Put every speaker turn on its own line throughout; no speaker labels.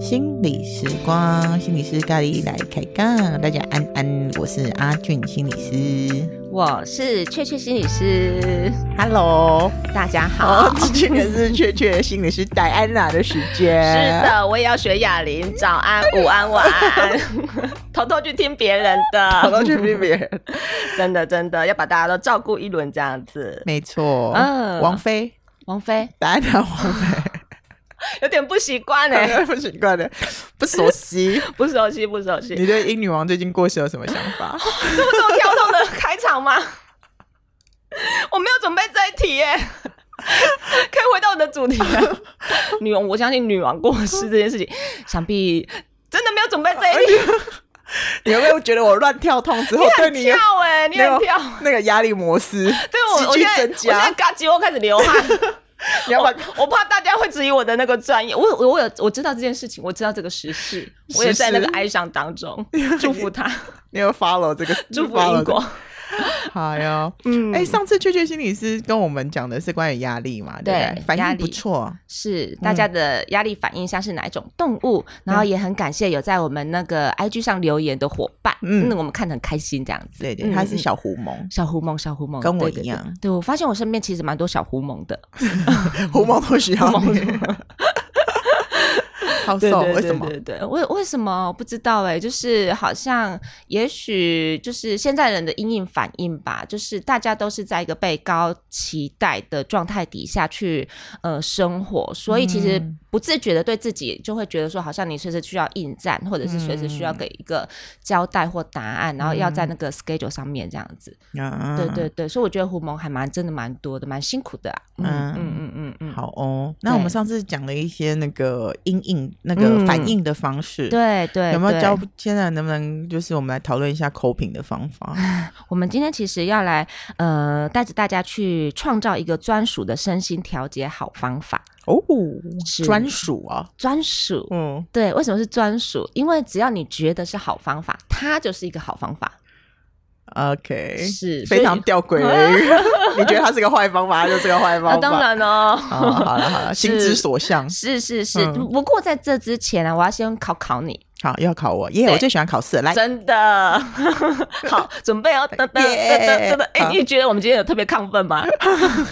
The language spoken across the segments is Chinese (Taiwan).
心理時光，心理師咖喱來開槓，大家安安，我是阿俊心理師。
我是雀雀心理師，Hello，大家好。今天是雀雀心理師戴安娜的時間。是的，我也要學啞鈴。早安，午安，晚安。偷偷去聽別人的，偷偷去聽別人。真的，真的要把大家都照顧一輪這樣子。
沒錯。嗯。王
妃，王妃，戴安娜，王妃。有點不習慣呢，不習慣
呢，不熟悉，
不熟悉，不熟悉。你
對英女王最近過世有什麼想法？
這麼多挑我沒有準備這一題耶，可以回到我的主題。女王，我相信女王過世這件事情，想必真的沒有準備這一題。你有沒有覺得我亂跳痛之後對你跳哎，你跳
那個壓力模式？對我，我現在我現在
剛幾乎開始流汗。我怕大家會質疑我的那個專業。我我有我知道這件事情，我知道這個時事，我也在那個哀傷當中，祝福他。
你要 follow 這個祝福英國。好喲，嗯，哎，上次雀雀心理師跟我們講的是關於
壓力嘛，對，反應不錯，是大家的壓力反應像是哪一種動物？然後也很感謝有在我們那個 IG 上留言的夥伴，嗯，我們看得很開心這樣子，對對，他是小狐獴、小狐獴、小狐獴，跟我一樣。對，我發現我身邊其實蠻多小狐獴的，狐獴
都喜歡。超
瘦？為什麼？為為什麼不知道、欸？誒，就是好像，也許就是現在人的陰影反應吧。就是大家都是在一個被高期待的狀態底下去呃生活，所以其實不自覺的對自己就會覺得說，好像你隨時需要應戰，或者是隨時需要給一個交代或答案，嗯、然後要在那個 schedule 上面這樣子、啊嗯。對對對，所以我覺得狐獴還蠻真的蠻多的，蠻辛苦的嗯嗯嗯嗯
嗯。好哦。那我們上
次講了一些那個陰影。那個反應的方式，對、嗯、對，對對，有沒有教？現在能不能就是我們來討論一下 coping 的方法？我們今天其實要來呃，帶着大家去創造一個專屬的身心調節好方法哦，專屬是啊，專屬屬，嗯，對，為什麼是專屬？因為只要你覺得是好方法，它就是一個好方法。OK，是非常吊詭的、欸啊、 你覺得他是個
壞方法，他就是個壞方法。當然哦 好了好了，好了是心之所向，是是是。是是嗯、
不過在這之前呢、啊，我要先考考你。
好，又要考我耶！Yeah, 對我最喜歡考試。來，真
的 好，準備哦！等等等等噔！哎、欸，好你覺得我們今天有特別亢奮嗎？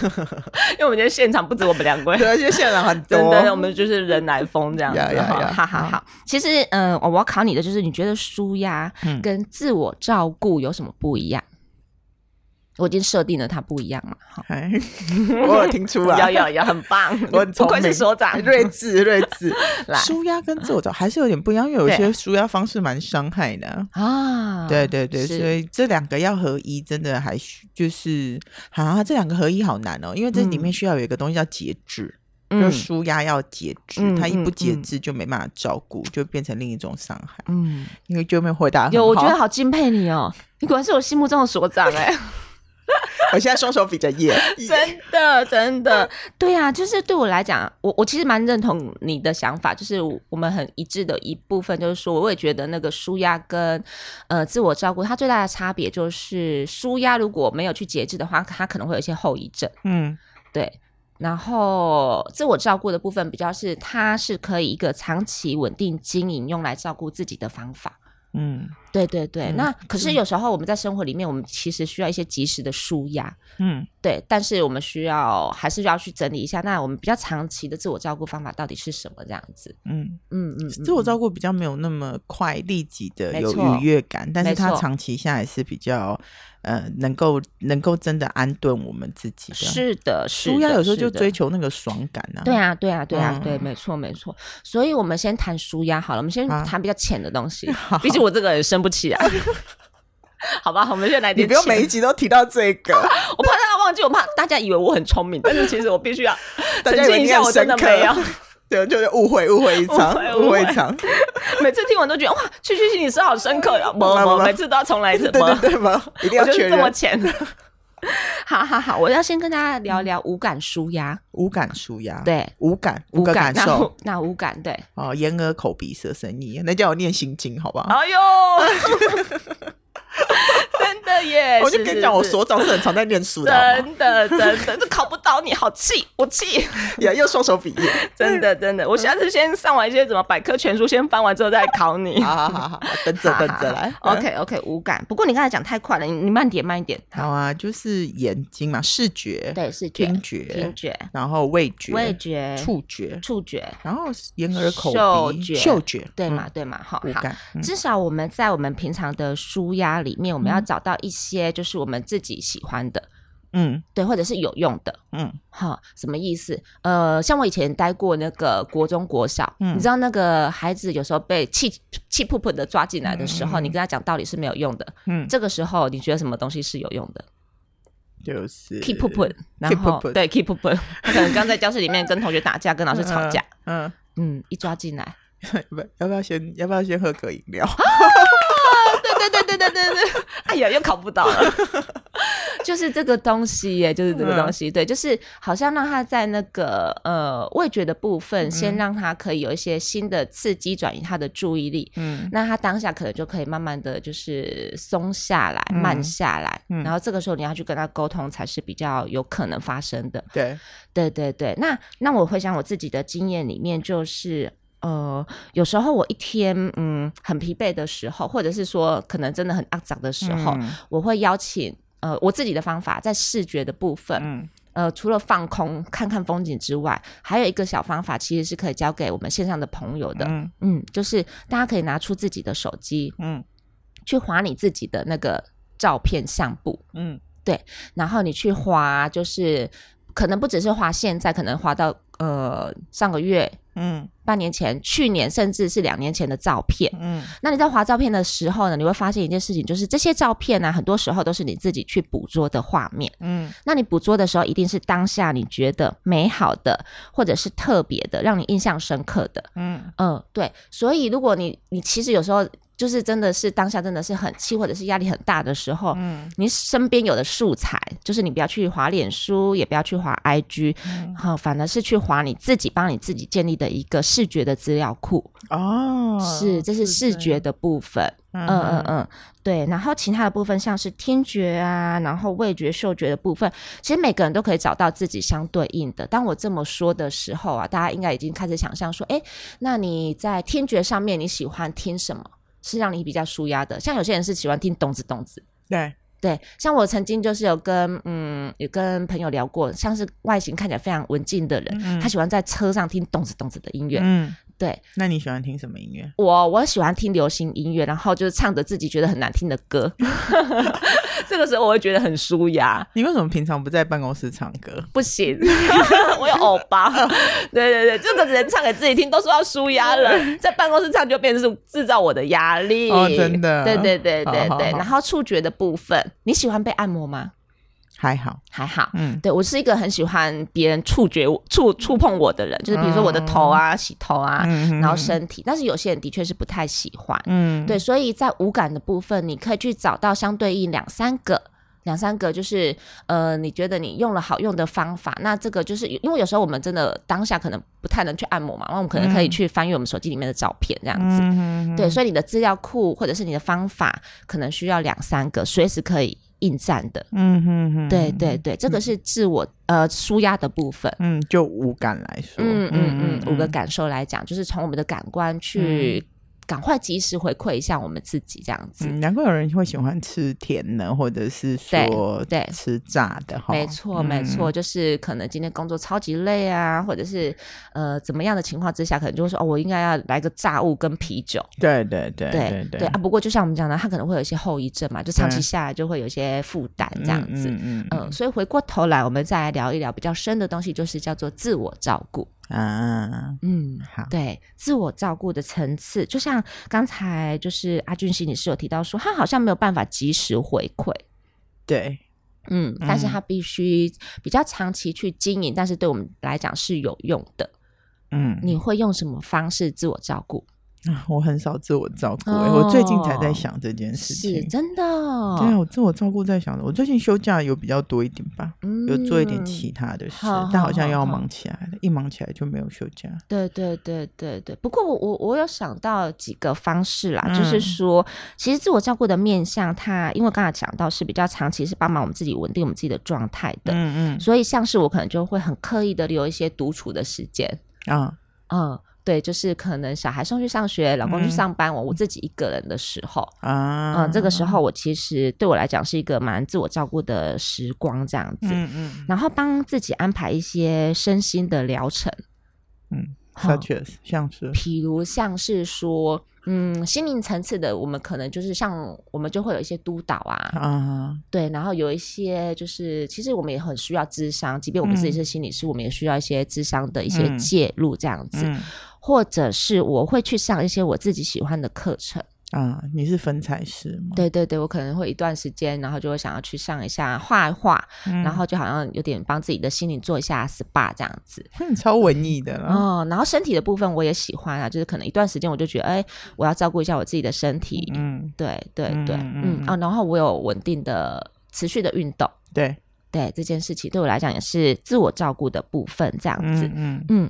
因為我們今天現場不止我們兩位， 對，現場很多，真的，我們就是人來瘋這樣子。Yeah, yeah, yeah. 好,好好好，其實嗯，我、呃、我要考你的就是，你覺得紓壓跟自我照顧有什麼不一樣？嗯我已經設定了它不一樣了，我有聽出來，有有有，很棒，我不愧是所長，睿智，睿智，舒壓跟自我
照顧還是有點不一樣，因為有些舒壓方式蠻傷害的啊，對對對，所以這兩個要合一，真的還需就是，啊，這兩個合一好難哦，因為這裡面需要有一個東西叫節制，就是舒壓要節制，它一不節制就沒辦法照顧，就變成另一種傷害，嗯，因為就沒有回答，有，我覺得好敬佩你哦，
你果然是我心目中的所長，哎。
我現在雙手比較硬。
真的，真的，對啊。就是對我來講，我我其實蠻認同你的想法，就是我們很一致的一部分，就是說，我也覺得那個紓壓跟呃自我照顧，它最大的差別就是紓壓如果沒有去節制的話，它可能會有一些後遺症，嗯，對。然後自我照顧的部分比較是，它是可以一個長期穩定經營用來照顧自己的方法，嗯。對對對，那可是有時候我們在生活裡面，我們其實需要一些及時的舒壓，嗯，對，但是我們需要還是要去整理一下。那我們比較長期的自我照顧方法到底是什麼？這樣子，嗯嗯嗯，
自我照顧比較沒有那麼快立即的有愉悅感，但是它長期下來是比較呃，能夠能夠真的安頓我們自己的。是的，舒壓有時候就追求那個爽感啊。對啊，對啊，對啊，對，沒
錯，沒錯。所以我們先談舒壓好了，我們先談比較淺的東西。畢竟我這個很深。不起啊， 好吧，
我們現在來點。你不用每一集
都提到這個， 我怕大家忘記，我怕大家以為我很聰明，但是其實我必須要澄清一下，我真的沒有，
對，就是誤會，誤會一場，誤會一場。
每次聽完都覺得哇，雀雀心，你是好深刻呀，我我 每次都要重來一次， 對，對對對嗎？一定要確認這麼淺的。 好好好，我要先跟大家聊聊五感紓壓，五感紓壓，對，五感，五感受，五感那五感，對，哦，眼耳口
鼻舌身意，那叫我念心經好不好？
哎呦！ 真的耶！我就跟你講，我所長是很常
在念書的。真
的，真的，這考不倒你，好氣，我氣。又雙手比耶，真的，真的。我下次先上完一些什麼百科全書，先翻完之後再考你。好好好，好，等着，等着來。OK OK，五感。不過你剛才講太快了，你你慢點，慢一點。好啊，就是眼睛嘛，視覺。對，視覺。聽覺，聽覺。
然後味覺，味覺。觸
覺，觸覺。然
後眼耳口鼻嗅覺，嗅覺。對嘛，
對嘛，好。五感。至少我們在我們平常的紓壓裡面我們要找到一些就是我們自己喜歡的，嗯，對，或者是有用的，嗯，哈，什麼意思？呃，像我以前待過那個國中國小，嗯，你知道那個孩子有時候被氣氣噗噗的抓進來的時候，你跟他講道理是沒有用的，嗯，這個時候你覺得什麼東西是有用的？就是 keep 然後對，keep 他可能剛在教室裡面跟同學打架，跟老師吵架，嗯嗯，一抓進來，要
不要不要先要不要先喝個飲料？
對對對對對哎呀，又考不到了。 就是這個東西耶，就是這個東西。嗯、對，就是好像讓他在那個呃味覺的部分，嗯、先讓他可以有一些新的刺激，轉移他的注意力。嗯，那他當下可能就可以慢慢的就是鬆下來、嗯、慢下來。嗯、然後這個時候你要去跟他溝通，才是比較有可能發生的。對，對對對。那那我回想我自己的經驗裡面，就是。呃，有時候我一天嗯很疲憊的時候，嗯、或者是說可能真的很阿雜的時候，嗯、我會邀請呃我自己的方法在視覺的部分，嗯、呃除了放空看看風景之外，還有一個小方法其實是可以教給我們線上的朋友的，嗯，嗯，就是大家可以拿出自己的手機，嗯，去滑你自己的那個照片相簿，嗯，對，然後你去滑，就是可能不只是滑現在，可能滑到呃上個月。嗯，半年前、去年甚至是兩年前的照片，嗯，那你在滑照片的時候呢，你會發現一件事情，就是這些照片呢、啊，很多時候都是你自己去捕捉的畫面，嗯，那你捕捉的時候一定是當下你覺得美好的，或者是特別的，讓你印象深刻的，嗯嗯，對，所以如果你你其實有時候。就是真的是當下真的是很氣或者是壓力很大的時候，嗯，你身邊有的素材，就是你不要去滑臉書，也不要去滑 IG，好、嗯，反而是去滑你自己幫你自己建立的一個視覺的資料庫哦，是，這是視覺的部分，的嗯嗯嗯，對，然後其他的部分像是聽覺啊，然後味覺、嗅覺的部分，其實每個人都可以找到自己相對應的。當我這麼說的時候啊，大家應該已經開始想象說，誒，那你在聽覺上面你喜歡聽什麼？是讓你比較紓壓的，像有些人是喜歡聽動次動次，對對。像我曾經就是有跟嗯，有跟朋友聊過，像是外形看起來非常文靜的人，嗯、他喜歡在車上聽動次動次的音樂，嗯。對，那你喜歡聽什麼音樂？我我喜歡聽流行音樂，然後就是唱着自己覺得很難聽的歌， 這個時候我會覺得很舒壓。你為什麼平常不在辦公室唱歌？不行， 我有歐巴。 對對對，這個人唱給自己聽， 都說要舒壓了，在辦公室唱就變成製造我的壓力。哦，真的？對對對對對。好好好。然後觸覺的部分，你喜歡被按摩嗎？還好，還好，好，嗯，對我是一個很喜歡別人觸覺我觸觸碰我的人，就是比如說我的頭啊、嗯、洗頭啊，嗯嗯、然後身體，但是有些人的確是不太喜歡，嗯，對，所以在五感的部分，你可以去找到相對應兩三個、兩三個，就是呃，你覺得你用了好用的方法，那這個就是因為有時候我們真的當下可能不太能去按摩嘛，那我們可能可以去翻閱我們手機裡面的照片，這樣子，嗯嗯、對，所以你的資料庫或者是你的方法，可能需要兩三個，隨時可以，應戰的，嗯哼哼，對對對，這個是自我、嗯、呃，紓壓的部分，嗯，就五感來說，嗯嗯嗯，五個感受來講，嗯、就是從我們的感官去、嗯。趕快及時回饋一下我們自己這樣子，
嗯、難怪有人會喜歡吃甜的，嗯、或者是說對，對吃炸的哈，沒錯、嗯、沒錯，就
是可能今天工作超級累啊，或者是呃怎麼樣的情況之下，可能就會說哦，我應該要來個炸物跟啤酒，對對對對，對對，對，對啊。不過就像我們講的，它可能會有一些後遺症嘛，就長期下來就會有一些負擔這樣子，嗯嗯嗯、呃。所以回過頭來，我們再來聊一聊比較深的東西，就是叫做自我照顧。啊，uh, 嗯，好，對，自我照顧的層次，就像剛才就是阿俊熙，你是有提到說，他好像沒有辦法及時回饋，對，嗯，嗯，但是他必須比較長期去經營，但是對我們來講是有用的，嗯，你會用什麼方式自我照顧？我
很少自我照顧，欸，哦，我最近才在想這件事情，真
的，哦。對，啊，我
自我照顧在想的，我最近休假有比較多一點吧，嗯，有做一點其他的事，好，但好像又要忙起來了，一忙起來就沒有休假。
對對對對對。不過我我我有想到幾個方式啦，嗯，就是說，其實自我照顧的面向它，它因為剛才講到是比較長期，是幫忙我們自己穩定我們自己的狀態的。嗯嗯。嗯所以像是我可能就會很刻意的留一些獨處的時間。嗯嗯。嗯對，就是可能小孩送去上學，老公去上班，我，嗯，我自己一個人的時候，啊，嗯嗯，這個時候我其實對我來講是一個蠻自我照顧的時光，這樣子。嗯嗯。嗯，然後幫自己安排一些身心的療程，嗯，嗯 such a, 像是、譬如像是說，嗯，心靈層次的，我們可能就是像我們就會有一些督導啊，啊，嗯，對，然後有一些就是，其實我們也很需要諮商，即便我們自己是心理師，嗯，我們也需要一些諮商的一些介入，這樣子。嗯嗯或者是我會去上一些我自己喜歡的課程。啊，你是粉彩師嗎？對對對，我可能會一段時間，然後就會想要去上一下畫一畫，嗯、然後就好像有點幫自己的心靈做一下 SPA 這樣子，超文藝的啦，嗯。哦，然後身體的部分我也喜歡啊，就是可能一段時間我就覺得，哎，我要照顧一下我自己的身體。嗯，對對對，對對嗯，嗯，嗯，嗯啊，然後我有穩定的、持續的運動，對。對這件事情，對我來講也是自我照顧的部分，這樣子。嗯嗯，嗯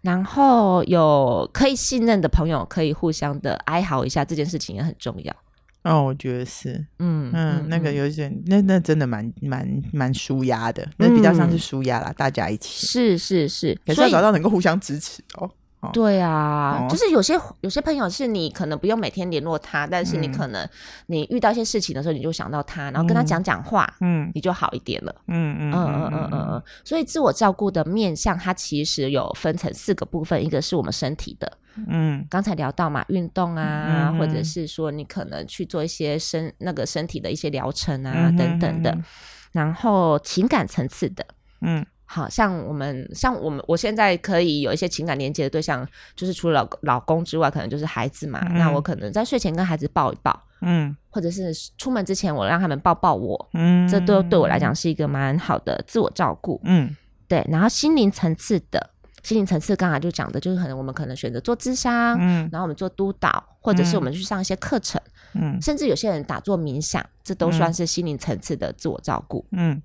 然後有可以信任的朋友，可以互相的哀嚎一下，這件事情也很重要。嗯、
哦，我覺得是。嗯嗯，嗯嗯那個有點，嗯嗯那那真的蠻蠻蠻舒壓的，嗯、那比較像是舒壓啦，大家一起。是是是，可是要找到能夠互相支持哦。對啊，oh. 就是
有些有些朋友是你可能不用每天聯絡他，但是你可能你遇到一些事情的時候，你就想到他，嗯、然後跟他講講話，嗯，你就好一點了，嗯嗯嗯嗯嗯嗯。所以自我照顧的面向，它其實有分成四個部分，一個是我們身體的，嗯，剛才聊到嘛，運動啊，嗯、或者是說你可能去做一些身那個身體的一些療程啊、嗯、等等的，嗯嗯、然後情感層次的，嗯。好像我們像我們，我現在可以有一些情感連接的對象，就是除了老公之外，可能就是孩子嘛。嗯、那我可能在睡前跟孩子抱一抱，嗯，或者是出門之前我讓他們抱抱我，嗯，這都對我來講是一個蠻好的自我照顧，嗯，對。然後心靈層次的心靈層次，剛才就講的就是，可能我們可能選擇做諮商，嗯，然後我們做督導，或者是我們去上一些課程，嗯，甚至有些人打坐冥想，這都算是心靈層次的自我照顧，嗯。嗯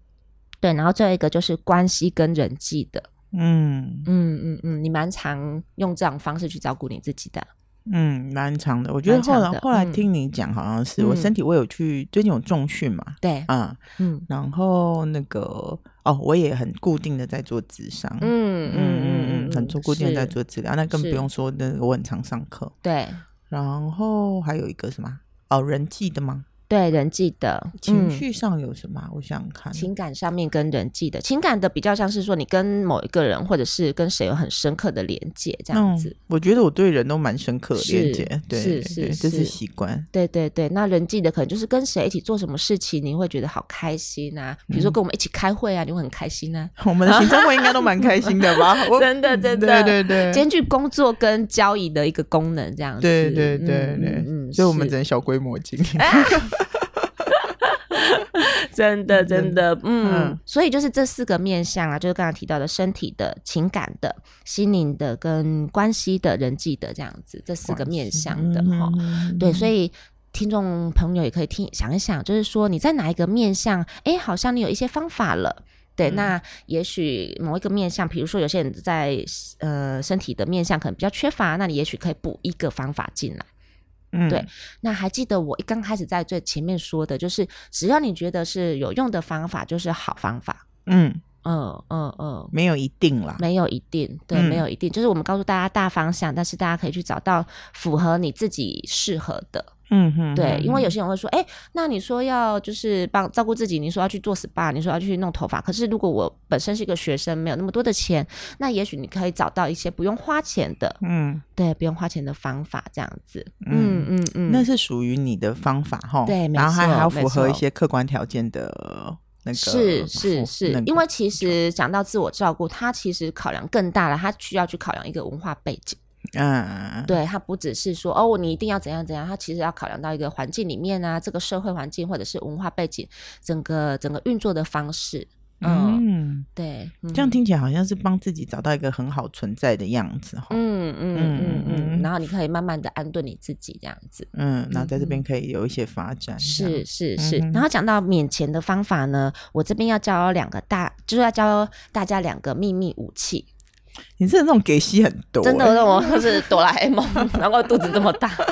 對，然後最後一個就是關係跟人際的。嗯嗯嗯嗯，你蠻常用這種方式去照顧你自己的。
嗯，蠻常的。我覺得後來後來聽你講，好像是我身體，我有去最近有重訓嘛。對，嗯嗯。然後那個哦，我也很固定的在做諮商。嗯嗯嗯嗯，很做固定在做治療，那更不用說，那我很常上課。對。然後還有一個什麼？哦，人際的嗎？
對人際的情緒上有什麼？我想看情感上面跟人際的情感的比較，像是說你跟某一個人，或者是跟誰有很深刻的連接，這樣子。我覺得我對人都蠻深刻的連接，對對，這是習慣。對對對，那人際的可能就是跟誰一起做什麼事情，你會覺得好開心啊。比如說跟我們一起開會啊，你會很開心啊。我們的行政會應該都蠻開心的吧？真的真的對對對，兼具工作跟交易的一個功能，這樣子。對對
對對。所以，我們只能小規模經營。啊、
真的，真的，嗯。嗯嗯，所以，就是這四個面向啊，就是剛才提到的身體的、情感的、心靈的跟關係的人際的這樣子，這四個面向的哈。係吼對，所以聽眾朋友也可以聽、嗯、想一想，就是說你在哪一個面向？哎、欸，好像你有一些方法了。對，嗯、那也許某一個面向，比如說有些人在呃身體的面向可能比較缺乏，那你也許可以補一個方法進來。嗯，對。那還記得，我一剛開始在最前面說的，就是只要你覺得是有用的方法，就是好方法。嗯嗯嗯嗯，嗯嗯嗯沒有一定啦，沒有一定，對，嗯、沒有一定，就是我們告訴大家大方向，但是大家可以去找到符合你自己適合的。
嗯哼、嗯，對，因為有
些人會說，哎、欸，那你說要就是幫照顧自己，你說要去做 SPA，你說要去弄頭髮，可是如果我本身是一個學生，沒有那麼多的錢，那也許你可以找到一些不用花錢的，嗯，對，不用花錢的方法，這樣子，嗯嗯嗯，嗯
嗯，那是屬於你的方法哈，對、嗯，嗯、然後還還要符合一些客觀條件的，那個是是、那個、是，是是那個、因
為其實講對到自我照顧，他其實考量更大了，他需要去考量一個文化背景。嗯，對，他不只是說哦，你一定要怎樣怎樣，他其實要考量到一個環境裡面啊，這個社會環境或者是文化背景，整個整個運作的方式，
嗯，對，這樣聽起來好像是幫自己找到一個很好存在的樣子哈，嗯
嗯嗯嗯，然後你可以慢慢的安頓你自己這樣子，嗯，然後在這邊可以有一些發展，是是是，然後講到免錢的方法呢，我這邊要教兩個大，就是要教大家兩個秘密武器。你是那種給息很多，欸，真的，我那是哆啦 A 夢， 然後肚子這麼大。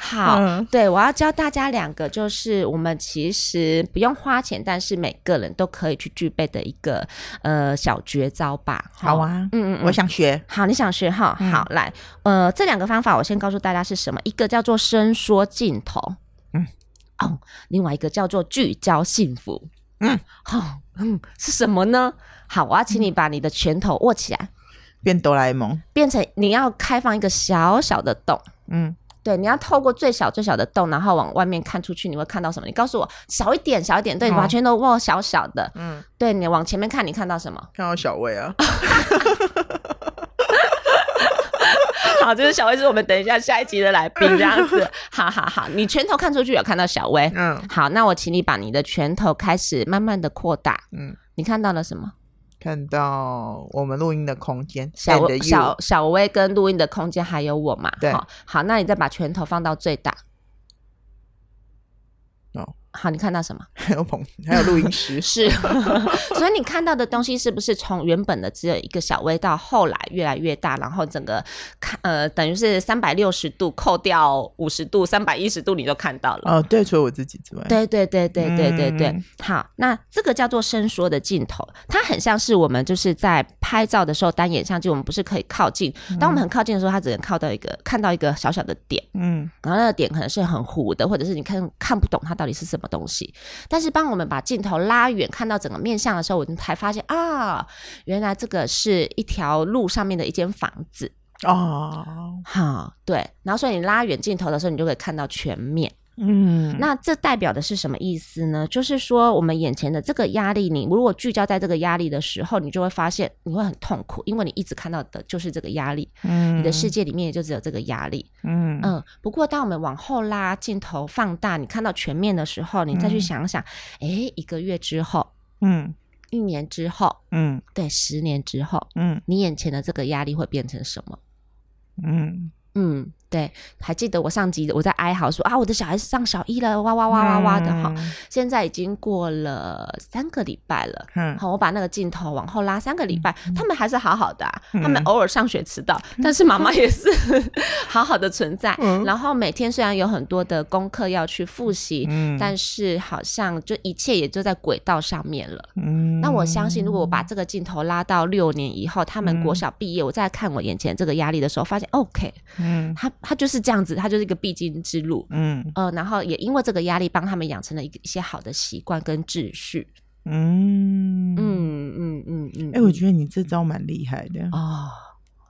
好，嗯、對，我要教大家兩個，就是我們其實不用花錢，但是每個人都可以去具備的一個呃小絕招吧。好，好啊，嗯，嗯，嗯，我想學。好，你想學哈？嗯、好，來，呃，這兩個方法我先告訴大家是什麼。一個叫做伸縮鏡頭，嗯哦，另外一個叫做聚焦幸福，嗯好，嗯、哦、是什麼呢？好，我要請你把你的拳頭握起來，變哆啦 A 夢，變成你要開放一個小小的洞，嗯，對，你要透過最小最小的洞，然後往外面看出去，你會看到什麼？你告訴我，小一點，小一點，對，把拳頭握小小的，嗯，對你往前面看，你看到什麼？看到小薇啊， 好，就是小薇，是我們等一下下一集的來賓這樣子，嗯、好好好，你拳頭看出去有看到小薇，嗯，好，那我請你把你的拳頭開始慢慢的擴大，嗯，你看到了什麼？看到我們錄音的空間，小 you 小小薇跟錄音的空間還有我嘛？對、哦，好，那你再把拳頭放到最大，哦好，你看到什麼？ 還有棚，還有錄音室， 是。 所以你看到的東西是不是從原本的只有一個小 v 到後來越來越大，然後整個看呃，等於是三百六十度扣掉五十度，三百一十度你就看到了。哦，對，對。除了我自己之外。對對對對對對對、嗯。好，那這個叫做伸縮的鏡頭，它很像是我們就是在拍照的時候單眼相機，我們不是可以靠近？當、嗯、我們很靠近的時候，它只能靠到一個看到一個小小的點。嗯，然後那個點可能是很糊的，或者是你看看不懂它到底是什。什麼東西？但是當我們把鏡頭拉遠，看到整個面向的時候，我們才發現啊，原來這個是一條路上面的一間房子哦。Oh. 好，對。然後所以你拉遠鏡頭的時候，你就可以看到全面。嗯，那這代表的是什麼意思呢？就是說，我們眼前的這個壓力你，你如果聚焦在這個壓力的時候，你就會發現你會很痛苦，因為你一直看到的就是這個壓力，嗯，你的世界裡面也就只有這個壓力，嗯嗯。不過，當我們往後拉鏡頭放大，你看到全面的時候，你再去想想，誒，嗯，一個月之後，嗯，一年之後，嗯，對，十年之後，嗯，你眼前的這個壓力會變成什麼？嗯嗯。嗯對，還記得我上集我在哀嚎說啊，我的小孩是上小一了，哇哇哇哇哇的哈，現在已經過了三個禮拜了，好，我把那個鏡頭往後拉三個禮拜，他們還是好好的，啊。他們偶爾上學遲到，但是媽媽也是好好的存在。然後每天雖然有很多的功課要去複習，但是好像就一切也就在軌道上面了。那我相信，如果我把這個鏡頭拉到六年以後，他們國小畢業，我再看我眼前這個壓力的時候，發現 OK，他，他就是這樣子，他就是一個必經之路，嗯呃、然後也因為這個壓力，幫他們養成了一一些好的習慣跟秩序，嗯嗯嗯嗯嗯，哎、嗯嗯嗯嗯欸，我覺
得你這招蠻厲害的。哦，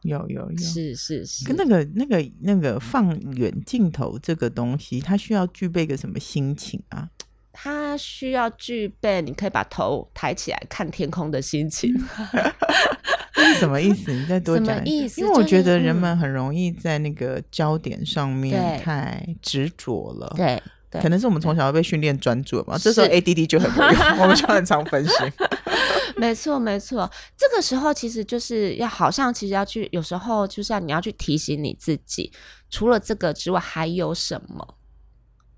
有
有有，是是是，跟那
個那個那個放遠鏡頭這個東西，它需要具備一個什麼心情啊？
它需要具備你可以把頭抬起來看天空的心情。
什麼意思？你再多講，就是，因為我覺得人們很容易在那個焦點上面太執着了。對，對，對，可能是我們從小要被訓練專
注了吧。是這時候 ADD 就很不用 我們就很常分心。 沒錯，沒錯。這個時候其實就是要，好像其實要去，有時候就是要你要去提醒你自己，除了這個之外還有什麼？、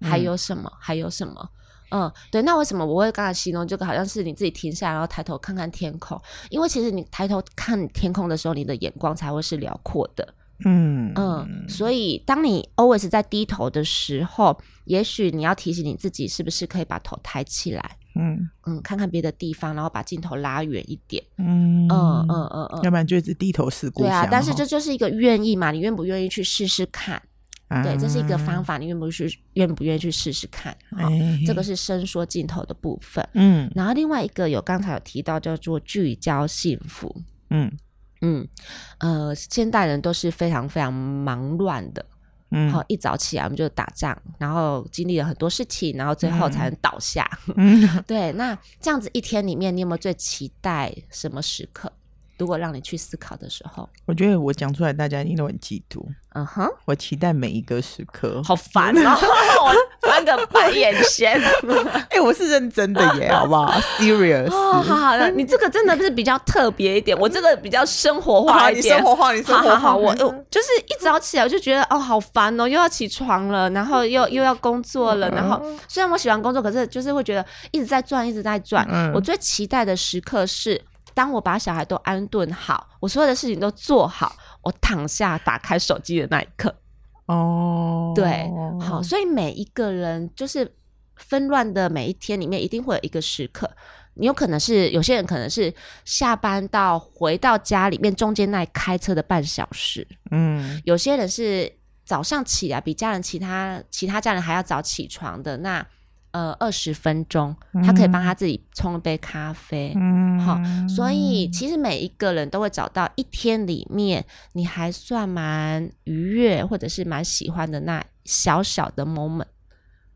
嗯、還有什麼？還有什麼？還有什麼？嗯，對，那為什麼我會剛才形容這個好像是你自己停下然後抬頭看看天空？因為其實你抬頭看天空的時候，你的眼光才會是遼闊的。嗯嗯，所以當你 always 在低頭的時候，也許你要提醒你自己，是不是可以把頭抬起來？嗯嗯，看看別的地方，然後把鏡頭拉遠一點。嗯嗯嗯嗯嗯，要不然就是低頭思故鄉。嗯嗯嗯嗯、對啊，但是這就是一個願意嘛，你願不願意去試試看？對，這是一個方法，你願不去，願不願意去試試看？好、哦，這個是伸縮鏡頭的部分。嗯，然後另外一個有剛才有提到叫做聚焦幸福。嗯嗯，呃，現代人都是非常非常忙亂的。嗯，好，一早起來我們就打仗，然後經歷了很多事情，然後最後才能倒下。嗯、 對，那這樣子一天裡面，你有沒有最期待什麼時刻？如果讓你去思考的時候，
我覺得我講出來，大家一定都很嫉妒。嗯哼，我期待每一個時刻，好煩哦，
翻個白眼先。哎，我是
認真的耶，好不好？Serious。哦，好好的，
你這個真的是比較特別一點，我這個比較生活化一點。生活化，你生活化。好好好，我就是一早起來，我就覺得哦，好煩哦，又要起床了，然後又又要工作了。然後雖然我喜歡工作，可是就是會覺得一直在轉，一直在轉。嗯，我最期待的時刻是。當我把小孩都安頓好，我所有的事情都做好，我躺下打開手機的那一刻，哦，oh. 對，好，所以每一個人就是紛亂的每一天裡面，一定會有一個時刻，你有可能是，有些人可能是下班到回到家裡面中間那開車的半小時，嗯，mm. 有些人是早上起來、啊、比家人其他其他家人還要早起床的那。呃，二十分鐘，他可以幫他自己沖一杯咖啡，嗯，好，所以其實每一個人都會找到一天裡面你還算蠻愉悅或者是蠻喜歡的那小小的 moment，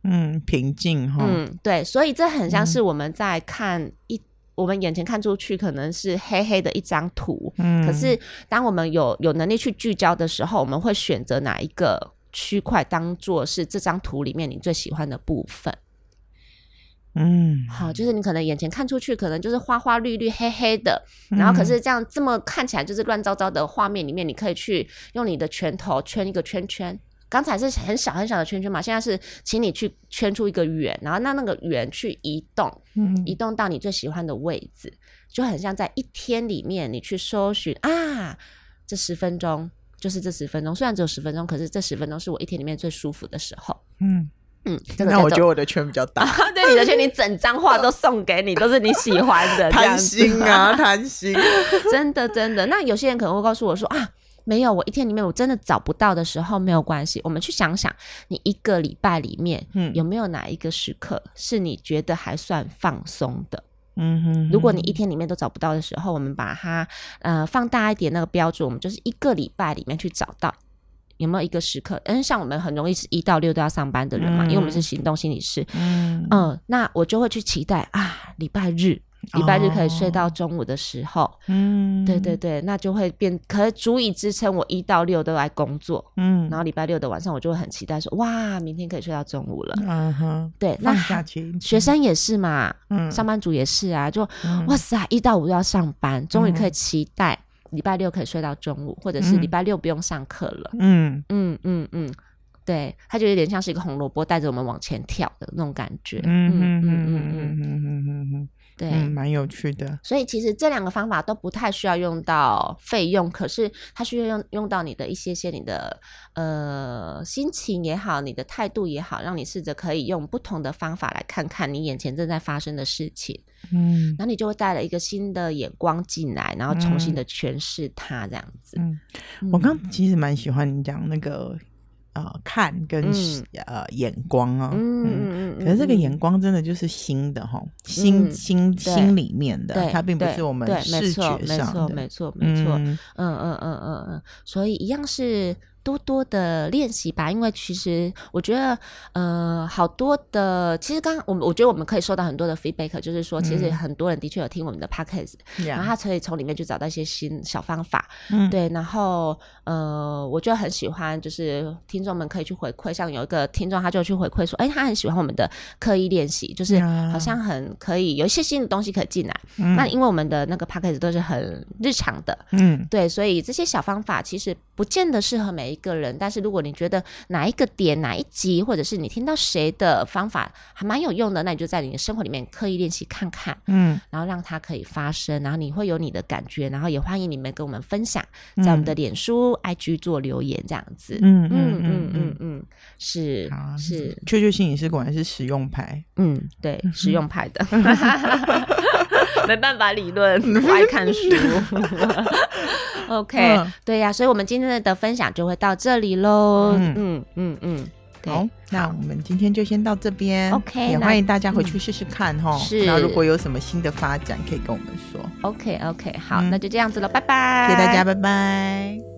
嗯，平靜哈，哦、嗯，對，所以這很像是我們在看一、嗯、我們眼前看出去可能是黑黑的一張圖，嗯、可是當我們有有能力去聚焦的時候，我們會選擇哪一個區塊當做是這張圖裡面你最喜歡的部分。嗯，好，就是你可能眼前看出去，可能就是花花綠綠、黑黑的，然後可是這樣這麼看起來就是亂糟糟的畫面裡面，你可以去用你的拳頭圈一個圈圈，剛才是很小很小的圈圈嘛，現在是請你去圈出一個圓，然後讓那個圓去移動，移動到你最喜歡的位置，就很像在一天裡面你去搜尋啊，這十分鐘就是這十分鐘，雖然只有十分鐘，可是這十分鐘是我一天裡面最舒服的時候，嗯。嗯，那我覺得我的圈比較大。 對，你的圈，你整張畫都送給你， 都是你喜歡的。貪心啊，貪心。真的，真的。那有些人可能會告訴我說啊，沒有，我一天裡面我真的找不到的時候，沒有關係。我們去想想，你一個禮拜裡面，嗯，有沒有哪一個時刻是你覺得還算放鬆的？嗯哼，哼，哼。如果你一天裡面都找不到的時候，我們把它呃放大一點那個標準，我們就是一個禮拜裡面去找到。有沒有一個時刻？嗯，像我們很容易是一到六都要上班的人嘛，嗯、因為我們是行動心理師。嗯，嗯，那我就會去期待啊，禮拜日，禮拜日可以睡到中午的時候。哦、嗯，對對對，那就會變，可以足以支撐我一到六都來工作。嗯，然後禮拜六的晚上，我就會很期待說，哇，明天可以睡到中午了。嗯哼，對，那、嗯、學生也是嘛，嗯，上班族也是啊，就、嗯、哇塞、啊，一到五都要上班，終於可以期待。嗯禮拜六可以睡到中午，或者是禮拜六不用上課了。嗯嗯嗯嗯，對，它就有點像是一個紅蘿蔔帶着我們往前跳的那種感覺。嗯嗯嗯。嗯嗯
嗯很有趣的，
所以其實這兩個方法都不太需要用到費用，可是它需要用用到你的一些些你的呃心情也好，你的態度也好，讓你試着可以用不同的方法來看看你眼前正在發生的事情，嗯，然後你就會帶了一個新的眼光進來，然後重新的詮釋它這樣子。
嗯，嗯，我剛其實蠻喜歡你講那個。呃、看跟、嗯、呃眼光啊，嗯，嗯，可是這個眼光真的
就是心的齁，
心心心裡面的，對它並不是我們視覺上的。沒錯，沒錯，沒錯對，沒錯，嗯嗯，嗯嗯嗯嗯
嗯，所以一樣是。多多的練習吧，因為其實我覺得，呃，好多的，其實剛剛我們我覺得我們可以收到很多的 feedback，就是說，其實很多人的確有聽我們的 podcast 然後他可以從裡面去找到一些新小方法，嗯、對，然後呃，我就很喜歡，就是聽眾們可以去回饋，像有一個聽眾他就去回饋說，哎、欸，他很喜歡我們的刻意練習，就是好像很可以有一些新的東西可以進來，嗯、那因為我們的那個 podcast 都是很日常的，嗯，對，所以這些小方法其實不見得適合每一。一個人，但是如果你覺得哪一個點、哪一集，或者是你聽到誰的方法還蠻有用的，那你就在你的生活裡面刻意練習看看，嗯，然後讓它可以發生，然後你會有你的感覺，然後也歡迎你們跟我們分享，在我們的臉書、IG 做留言這樣子，嗯嗯嗯嗯嗯，是是，雀雀心理師果然是實用派，嗯，對，實用派的，沒辦法，理論不愛看書。OK、嗯、對呀、啊，所以我們今天的分享就會到這裡嘍。嗯嗯嗯，嗯，嗯對哦，好，那我們今天就先到這邊。OK，也歡迎大家回去試試看哈、哦嗯。是，那如果
有什麼新的發展，可以跟我們說。
OK OK，好，嗯、那就這樣子了，拜拜，給大家，拜拜。